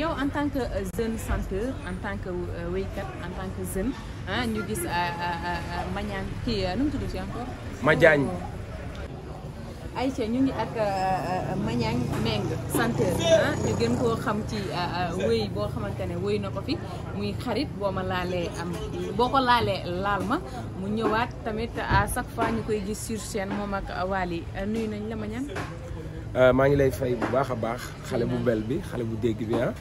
yow en tant que euh, jeune chanteur en tant que euh, wéykat en tant que jeune ah ñu gis euh, Mañaan kii nu mu tudd ci encore. Madiagne. Oh. Aïcha ñu ngi ak Mañaan Meng chanteur ah ñu gën ko xam ci wéy boo xamante ne wéy na ko fi muy xarit boo ma laalee am boo ko laalee laal ma mu ñëwaat tamit à chaque fois ñu koy gis sur scène moom ak Wally nuyu nañ la Mañaan. Euh, maa ngi lay fay bu baax a baax xale bu bel bi xale bu dégg bi ah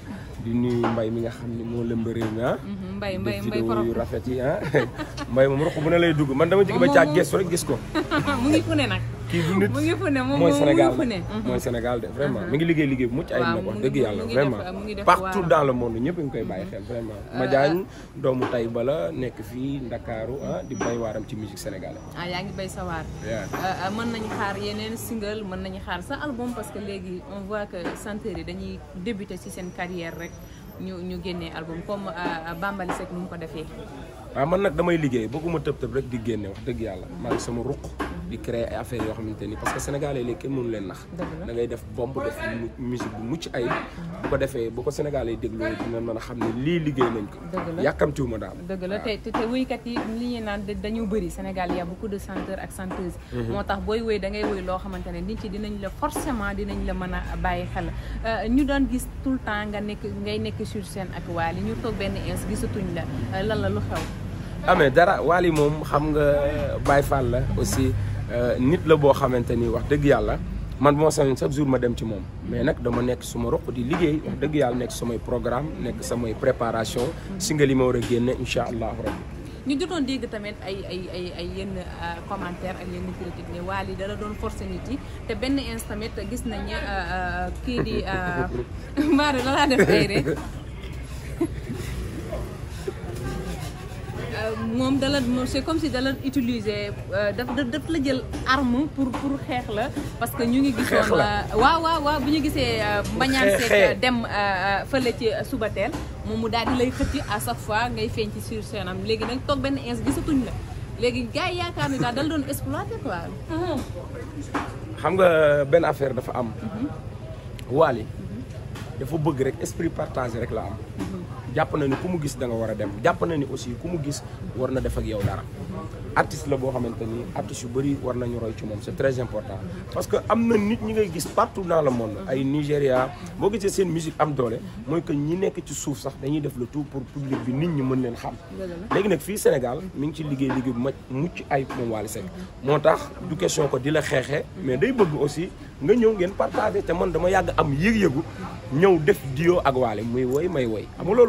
di nuyu mbay mi nga xam ne moo la réew mi ah. mbay mbay mbay vidéo yu rafet yi ah mbay moom ruq bu ne lay dugg man dama jóge ba caag gestu rek gis ko. mu ngi fu ne nag. kii du nit. mu ngi fu ne moom mooy Sénégal mooy uh-huh. Sénégal de vraiment uh-huh. mi ngi liggéey liggéey bu mucc ay nag wax dëgg yàlla vraiment partout dans le monde ñëpp ngi koy bàyyi xel uh-huh. vraiment doomu tay bala nekk fii Ndakaaru ah di bay waaram ci musique sénégalaise ah yaa ngi bay sa waar uh, uh, man nañu xaar yeneen single mën nañu xaar sa album parce que léegi on que chanteurs yi dañuy débuter ci seen carrière rek ñu ñu génnee album comme euh, euh, Bambaly Seck nu mu ko defee. waaw ah, man nag damay liggéey bëgguma tëb tëb rek di génne wax dëgg yàlla maa ngi sama ruq. di créer ay affaires yoo xamante ni parce que sénégalais da ngay def bomb def musique bu mucc ay bu ko defee bu ko ko. dëgg la yàkkamtiwuma daal. a mhm. booy wéy da ngay wéy loo xamante ne nit ci dinañ la forcément dinañ la mën a bàyyi xel euh, ñu doon gis tout le temps nga nekk nekk sur scène ak Wally ñu toog benn ins gisatuñ la euh, lan la lu xew. amee dara Wally moom xam nga Baye Fall la aussi euh, nit la boo xamante ni wax dëgg yàlla man bu ma sañoon chaque jour ma dem ci moom. mais nag dama nekk suma roq di liggéey wax dëgg yàlla nekk samay programme nekk samay préparation. si nga li ma war a génne incha allahu rabbi. ñu jotoon dégg tamit ay ay ay ay yenn euh, commentaire ak yenn critique ne Wally dala doon forcé nit yi te benn instant tamit gis nañ ne di Mbadou la laa def ay moom dala c'est comme si dala utiliser euh, daf daf la jël arme pour pour xeex la parce que ñu ngi gisoon euh, waaw waaw waaw bu ñu gisee euh, mbañaan seeg dem fële ci suba teel moom mu daal di lay xëcc à chaque fois ngay feeñ ci sur léegi nag toog benn ins gisatuñ la léegi gars yi yaakaar ni daal dala doon exploité quoi xam nga benn affaire dafa am mhm. Wally mhm. dafa bëgg rek esprit partagé rek la am mhm. jàpp na ni ku mu gis danga war a dem jàpp na ni aussi ku mu gis war na def ak yow dara artiste la boo xamante ni artiste yu bëri war nañu roy ci moom c'est très important parce que am na nit ñi ngay gis partout dans le monde ay Nigéria boo gisee seen musique am doole mooy que ñi nekk ci suuf sax dañuy def le tout pour public bi nit ñi mën leen xam léegi nag fii Sénégal mi ngi ci liggéey liggéey bu ma mucc ay moom Wally Seck moo tax du question ko di la xeexee mais day bëgg aussi nga ñëw ngeen partagé te man dama yàgg am yëg-yëgu ñëw def dio ak Wally muy woy may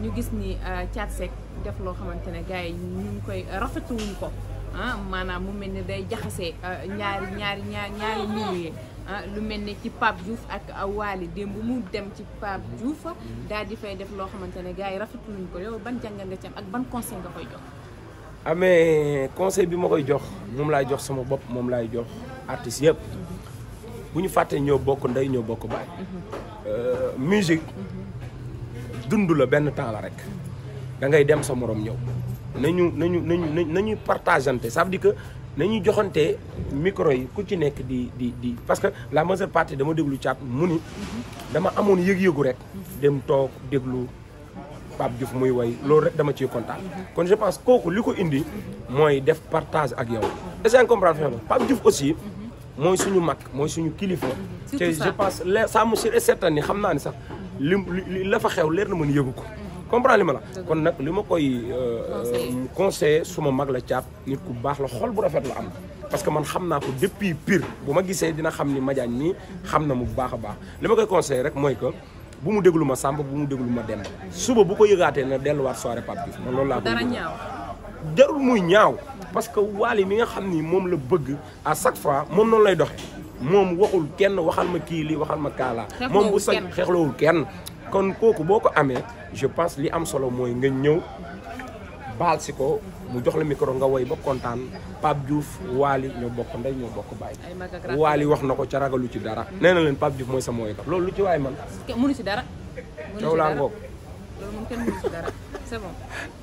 ñu gis ni caat euh, Seck def loo xamante ne gars yi ñu ngi koy euh, rafetuwuñ ko ah maanaam mu mel ni day jaxasee euh, ñaari ñaari ñaari ñaari milieu ah, lu mel ni ci Pape Diouf ak Waly démb mu dem ci Pape Diouf daal di fay def loo xamante ne gars yi rafetuwuñ ko yow ban jàngat nga ci ak ban conseil nga koy jox. amee ah, conseil bi ma koy jox moom laay jox sama bopp moom laay jox artistes yëpp mhm. bu ñu fàtte ñoo bokk ndey ñoo bokk baay. Mhm. musique. Mhm. dundula la benn temps la rek da ngay dem sa morom ñew nañu nañu nañu nañuy partageante ça veut dire que nañu joxonté micro yi ku ci nek di di di parce que la majeure partie dama déglu caat muni dama amone yeg yegu rek dem tok déglu bab Diouf muy way loolu rek dama ci kontaan kon je pense kooku liko indi moy def partage ak yow est-ce que comprendre bab Diouf aussi moy suñu mak moy suñu kilifa te je pense ça monsieur est certain ni xam ni sax li la fa xew leer na mën yëgu ko comprendre li ma la kon nag li ma koy euh, euh, conseiller suma mag la caat nit ku baax la xool bu rafet la am parce que man xam naa ko depuis pire bu ma gisee dina xam ni Madiagne nii xam na mu baax a baax li ma koy conseiller rek mooy que bu mu déglu ma Samba bu mu déglu ma Demba suba bu ko yëgaatee na delluwaat soirée Pape Diouf man loolu laa dara ñaaw jarul muy ñaaw parce que Wally mi nga xam ni moom la bëgg à chaque fois moom noonu lay doxee moom waxul kenn waxal ma kii lii waxal ma kaala moom bu sañ xeexlawul kenn kon kooku boo ko amee je pense li am solo mooy nga ñëw baal si ko mu jox la micro nga woy ba kontaan Pape Diouf Waly ñoo bokk ndey ñoo bokk baay Waly wax na ko ca ragalu ci dara nee leen Pape Diouf mooy sama woykat loolu lu ci waay man mënu si dara coow laa ngoog si dara c'est